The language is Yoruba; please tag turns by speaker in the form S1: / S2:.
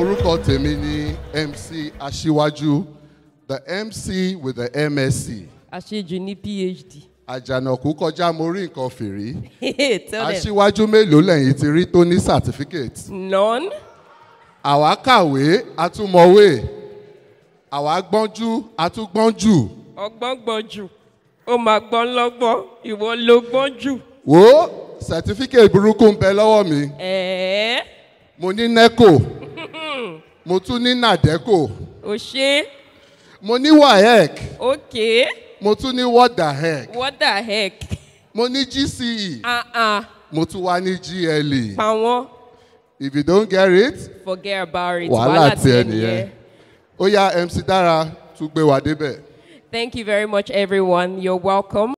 S1: orúkọ tèmi ni MC Aṣíwájú the MC with the MSc.
S2: Àṣejù ní PhD.
S1: Àjànàkú kọjá mo rí nǹkan fìrí. Aṣíwájú mélòó lẹ́yìn ti rí tó ní certificate? None. Àwa kàwé, a tún mọ̀wé. Àwa gbọ́njú, a tún gbọ́njú.
S3: Ọgbọ́n gbọ́njú, ó máa gbọ́n lọ́gbọ́n, ìwọ ló gbọ́njú.
S1: Wo certificate burúkú ń bẹ lọ́wọ́ mi.
S3: Ẹ̀ẹ́.
S1: Mo ní NECO mo tún ní nàdẹ́kò. ò ṣe. mo ní waec. ok. mo tún ní what the heck.
S2: what the heck. mo ní gce. Uh-uh. Ah, ah.
S1: mo tún wá ní gle. pa if you don't get it.
S2: forget about it. wàhálà tiẹ̀ nìyẹn.
S1: ó yá mc dára tún gbé wa débẹ̀.
S3: thank you very much everyone you're welcome.